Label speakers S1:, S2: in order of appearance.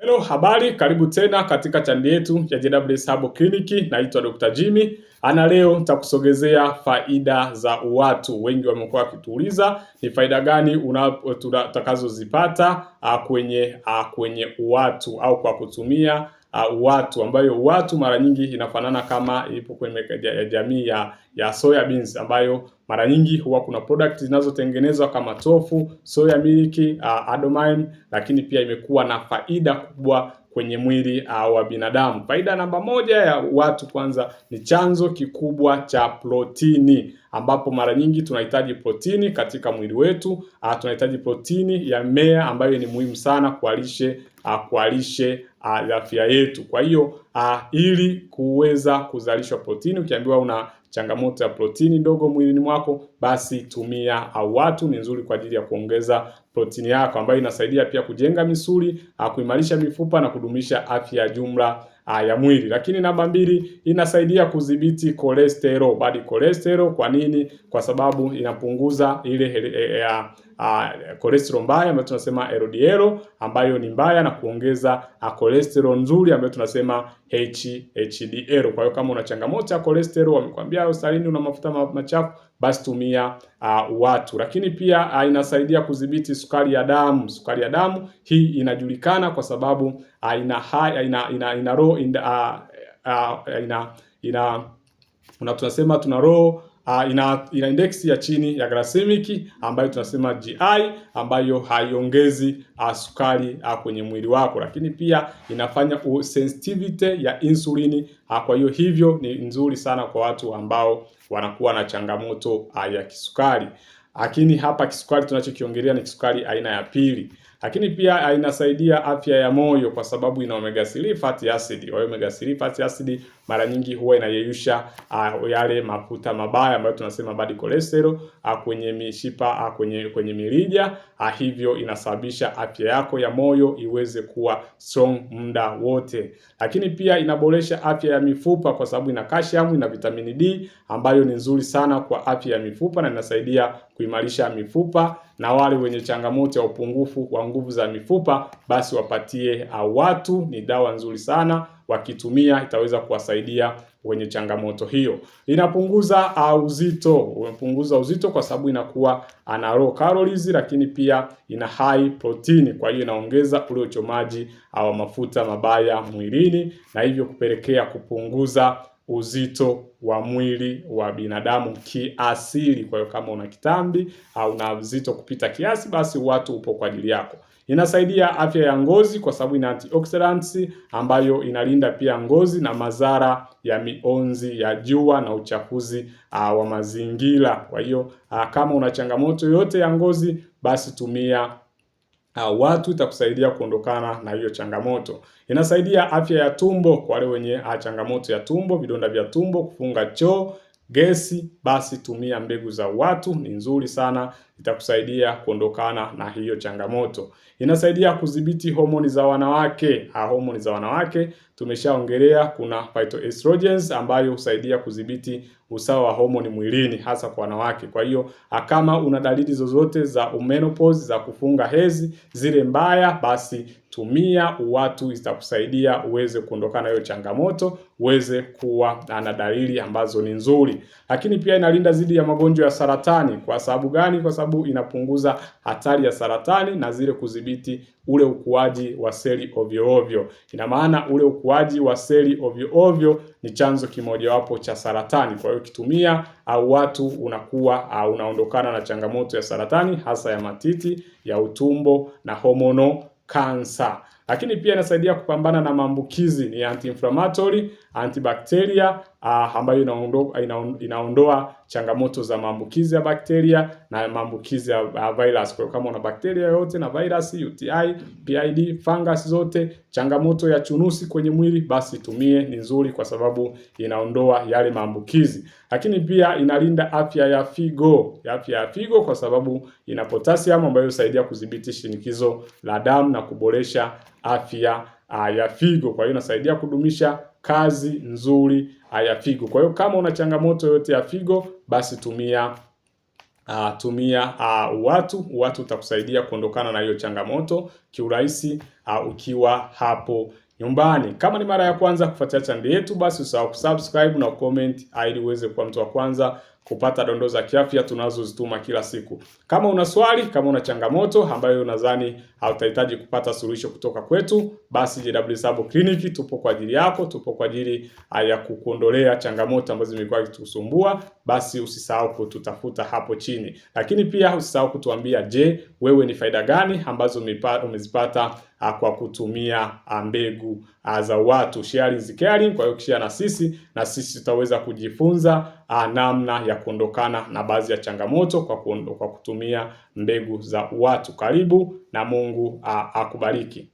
S1: Hello, habari, karibu tena katika chaneli yetu ya JWS Sabo Clinic. Naitwa Dr. Jimmy ana, leo nitakusogezea faida za uwatu. Wengi wamekuwa wakituuliza ni faida gani utakazozipata ah, kwenye ah, kwenye uwatu au kwa kutumia uh, watu ambayo watu mara nyingi inafanana kama ipo kwenye jamii ya, ya soya beans ambayo mara nyingi huwa kuna product zinazotengenezwa kama tofu, soya miliki, uh, adomine, lakini pia imekuwa na faida kubwa kwenye mwili ah, wa binadamu. Faida namba moja ya watu kwanza ni chanzo kikubwa cha protini, ambapo mara nyingi tunahitaji protini katika mwili wetu. Ah, tunahitaji protini ya mmea ambayo ni muhimu sana kwa lishe ah, kwa lishe afya yetu. Kwa hiyo ili kuweza kuzalishwa protini, ukiambiwa una changamoto ya protini ndogo mwilini mwako, basi tumia AWATU. Ni nzuri kwa ajili ya kuongeza protini yako ambayo inasaidia pia kujenga misuli, ah, kuimarisha mifupa na kudumisha afya ya jumla ah, ya mwili. Lakini namba mbili, inasaidia kudhibiti cholesterol, badi cholesterol. Kwa nini? Kwa sababu inapunguza ile eh, eh, ah, Ah, cholesterol mbaya ambayo tunasema LDL ambayo ni mbaya na kuongeza ah, cholesterol nzuri ambayo tunasema HDL. Kwa hiyo kama una changamoto ya cholesterol, wamekwambia usalini una mafuta machafu, basi tumia uh, watu. Lakini pia uh, inasaidia kudhibiti sukari ya damu. Sukari ya damu hii inajulikana kwa sababu uh, ina ina ina ina, ina, ina, ina, ina tunasema tuna roho Ah, ina, ina indeksi ya chini ya glycemic ambayo tunasema GI ambayo haiongezi uh, sukari uh, kwenye mwili wako, lakini pia inafanya sensitivity ya insulini uh, kwa hiyo hivyo ni nzuri sana kwa watu ambao wanakuwa na changamoto uh, ya kisukari. Lakini hapa kisukari tunachokiongelea ni kisukari aina ya pili lakini pia ah, inasaidia afya ya moyo kwa sababu ina omega 3 fatty acid. Kwa hiyo omega 3 fatty acid mara nyingi huwa inayeyusha uh, yale mafuta mabaya ambayo tunasema bad cholesterol uh, kwenye mishipa uh, kwenye kwenye mirija uh, hivyo inasababisha afya yako ya moyo iweze kuwa strong muda wote. Lakini pia inaboresha afya ya mifupa kwa sababu ina calcium, ina vitamini D ambayo ni nzuri sana kwa afya ya mifupa na inasaidia kuimarisha mifupa na wale wenye changamoto ya upungufu wa nguvu za mifupa, basi wapatie ah, watu Ni dawa nzuri sana, wakitumia itaweza kuwasaidia wenye changamoto hiyo. Inapunguza ah, uzito, umepunguza uzito kwa sababu inakuwa ana ah, low calories, lakini pia ina high protein, kwa hiyo inaongeza ule uchomaji mafuta mabaya mwilini na hivyo kupelekea kupunguza uzito wa mwili wa binadamu kiasili. Kwa hiyo kama una kitambi au una uzito kupita kiasi, basi watu upo kwa ajili yako. Inasaidia afya ya ngozi kwa sababu ina antioxidants ambayo inalinda pia ngozi na madhara ya mionzi ya jua na uchafuzi uh, wa mazingira. Kwa hiyo uh, kama una changamoto yoyote ya ngozi, basi tumia uh, watu itakusaidia kuondokana na hiyo changamoto. Inasaidia afya ya tumbo kwa wale wenye ah, changamoto ya tumbo, vidonda vya tumbo, kufunga choo gesi, basi tumia mbegu za Uwatu, ni nzuri sana, itakusaidia kuondokana na hiyo changamoto. Inasaidia kudhibiti homoni za wanawake. Ha, homoni za wanawake tumeshaongelea, kuna phytoestrogens ambayo husaidia kudhibiti usawa wa homoni mwilini, hasa kwa wanawake. Kwa hiyo kama una dalili zozote za umenopause za kufunga hezi zile mbaya, basi tumia UWATU itakusaidia uweze kuondokana hiyo changamoto, uweze kuwa na dalili ambazo ni nzuri. Lakini pia inalinda dhidi ya magonjwa ya saratani. Kwa sababu gani? Kwa sababu inapunguza hatari ya saratani na zile kudhibiti ule ukuaji wa seli ovyo ovyo. Ina maana ule ukuaji wa seli ovyo ovyo ni chanzo kimojawapo cha saratani. Kwa hiyo ukitumia watu unakuwa unaondokana na changamoto ya saratani hasa ya matiti, ya utumbo na homono kansa, lakini pia inasaidia kupambana na maambukizi, ni anti inflammatory antibakteria uh, ah, ambayo inaondoa, inaondoa changamoto za maambukizi ya bakteria na maambukizi ya uh, virus. Kwa kama una bakteria yoyote na virus, UTI, PID, fungus zote, changamoto ya chunusi kwenye mwili, basi tumie, ni nzuri kwa sababu inaondoa yale maambukizi, lakini pia inalinda afya ya figo, afya ya figo kwa sababu ina potassium ambayo husaidia kudhibiti shinikizo la damu na kuboresha afya ya figo. Kwa hiyo inasaidia kudumisha kazi nzuri ya figo. Kwa hiyo kama una changamoto yoyote ya figo, basi tumia Uh, tumia uh, watu watu utakusaidia kuondokana na hiyo changamoto kiurahisi, uh, ukiwa hapo nyumbani. Kama ni mara ya kwanza kufuatilia chaneli yetu, basi usahau kusubscribe na comment ili uweze kuwa mtu wa kwanza kupata dondoo za kiafya tunazozituma kila siku. Kama una swali, kama una changamoto ambayo unadhani hautahitaji kupata suluhisho kutoka kwetu, basi JW Sabo Clinic tupo kwa ajili yako, tupo kwa ajili ah, ya kukuondolea changamoto ambazo zimekuwa zikitusumbua. Basi usisahau kututafuta hapo chini, lakini pia usisahau kutuambia, je, wewe ni faida gani ambazo umezipata Ah, kwa kutumia ah, mbegu ah, za watu. Sharing is caring. Kwa hiyo ukishia na sisi na sisi tutaweza kujifunza namna ya kuondokana na baadhi ya changamoto kwa, kwa kutumia mbegu za watu. Karibu na Mungu akubariki.